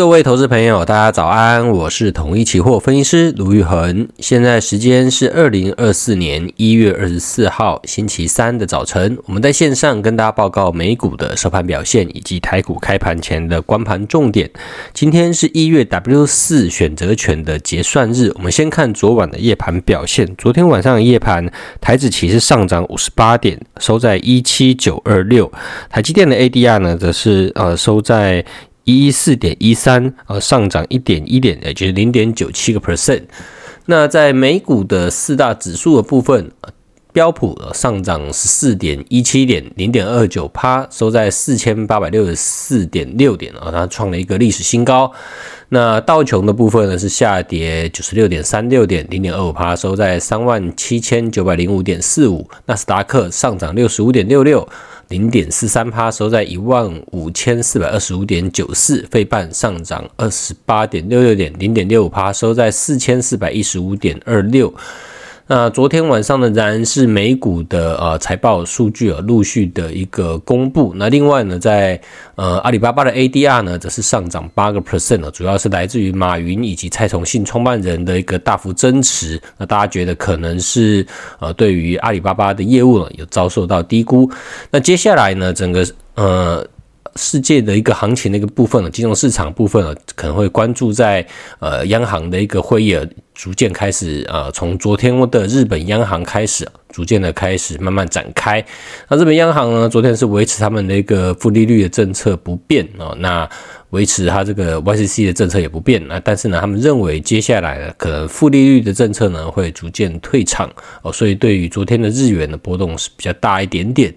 各位投資朋友，大家早安！我是統一期貨分析師盧昱衡，現在時間是二零二四年一月二十四號星期三的早晨。我們在線上跟大家報告美股的收盤表現以及台股開盤前的觀盤重點。今天是一月 W 四選擇權的結算日，我們先看昨晚的夜盤表現。昨天晚上的夜盤，台指期是上漲五十八點，收在一七九二六。台積電的 ADR 呢，則是呃收在。一一四點一三，呃，上漲一點一點，也就是零點九七個 percent。那在美股的四大指數的部分，啊、標普、啊、上漲十四點一七點，零點二九趴，收在四千八百六十四點六點，啊，它創了一個歷史新高。那道瓊的部分呢是下跌九十六點三六點，零點二五趴，收在三萬七千九百零五點四五。納斯達克上漲六十五點六六。零點四三趴，收在一萬五千四百二十五點九四，費半上漲二十八點六六點，零點六五趴，收在四千四百一十五點二六。那昨天晚上呢，仍然是美股的呃財報數據啊、呃、陸續的一個公布。那另外呢，在呃阿里巴巴的 ADR 呢，則是上漲八個 percent 呢，主要是來自於馬雲以及蔡崇信創辦人的一個大幅增持。那大家覺得可能是呃對於阿里巴巴的業務呢，有遭受到低估。那接下來呢，整個呃。世界的一個行情的一個部分了，金融市場部分啊，可能會關注在呃央行的一個會議，逐漸開始呃從昨天的日本央行開始，逐漸的開始慢慢展開。那日本央行呢，昨天是維持他們的一個負利率的政策不變哦，那維持它這個 YCC 的政策也不變那，啊，但是呢，他們認為接下來呢可能負利率的政策呢會逐漸退場哦，所以對於昨天的日元的波動是比較大一點點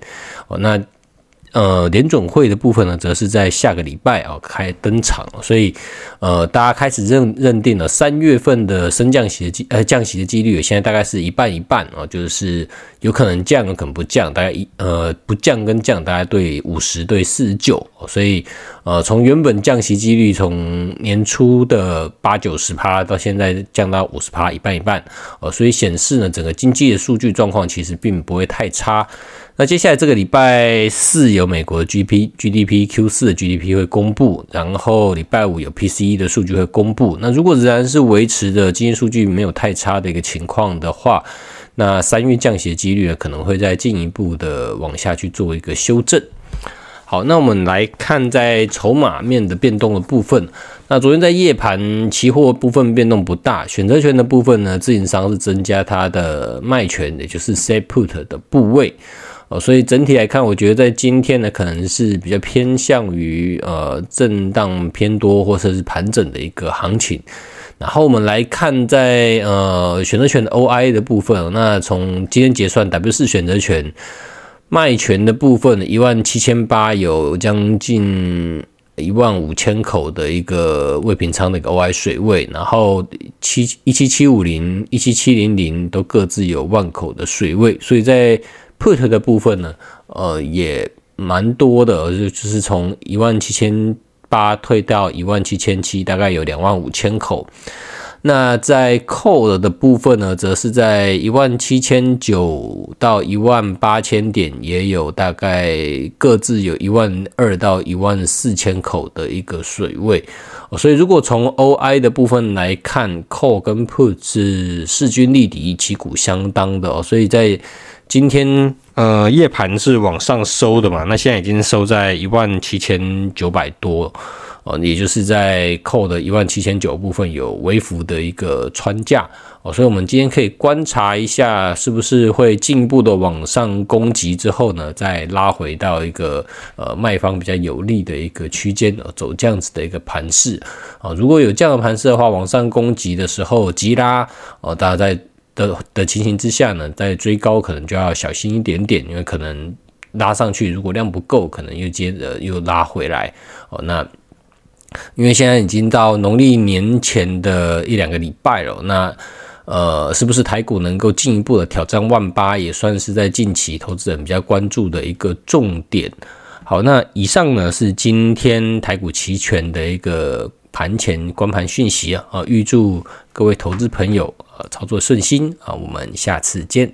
哦，那。呃，聯準會的部分呢，則是在下個禮拜啊、哦、開登場，所以呃，大家開始認認定了三月份的升降息的呃降息的幾率，現在大概是一半一半啊、哦，就是有可能降，有可能不降，大概一呃不降跟降大概對五十對四十九，所以呃，從原本降息幾率從年初的八九十趴，到現在降到五十趴，一半一半哦，所以顯示呢，整個經濟的數據狀況其實並不會太差。那接下來這個禮拜四有美國 G D P G D P Q 四的 G D P 會公布，然後禮拜五有 P C E 的數據會公布。那如果仍然是維持的經濟數據沒有太差的一個情況的話，那三月降息的幾率可能會再進一步的往下去做一個修正。好，那我們來看在籌碼面的變動的部分。那昨天在夜盤期貨部分變動不大，選擇權的部分呢，自營商是增加它的賣權，也就是 sell put 的部位。所以整體來看，我覺得在今天呢，可能是比較偏向於呃震盪偏多，或者是盤整的一個行情。然後我們來看在呃選擇權的 OI 的部分，哦，那從今天結算 W 四選擇權賣權賣權的部分，一萬七千八有將近一萬五千口的一個未平倉的一個 OI 水位，然後七、一七七五零、一七七零零都各自有萬口的水位，所以在 put 的部分呢，呃，也蠻多的，就是從一萬七千八退到一萬七千七，大概有兩萬五千口。那在 call 的部分呢，則是在一萬七千九到一萬八千點，也有大概各自有一萬二到一萬四千口的一個水位。哦，所以如果從 OI 的部分來看，call 跟 put 是勢均力敵、旗鼓相當的哦。所以在今天，呃，夜盤是往上收的嘛，那現在已經收在一萬七千九百多。哦，也就是在 Call 的一萬七千九部分有微幅的一個穿價哦，所以我們今天可以觀察一下，是不是會進一步的往上攻擊之後呢，再拉回到一個呃賣方比較有利的一個區間，走這樣子的一個盤勢啊。如果有這樣的盤勢的話，往上攻擊的時候急拉哦，大家在的的情形之下呢，在追高可能就要小心一點點，因為可能拉上去如果量不夠，可能又接着又拉回來哦，那。因為現在已經到農曆年前的一兩個禮拜了，那呃，是不是台股能夠進一步的挑戰萬八，也算是在近期投資人比較關注的一個重點。好，那以上呢是今天台股期權的一個盤前觀盤訊息啊，啊，預祝各位投資朋友呃、啊、操作順心啊，我們下次見。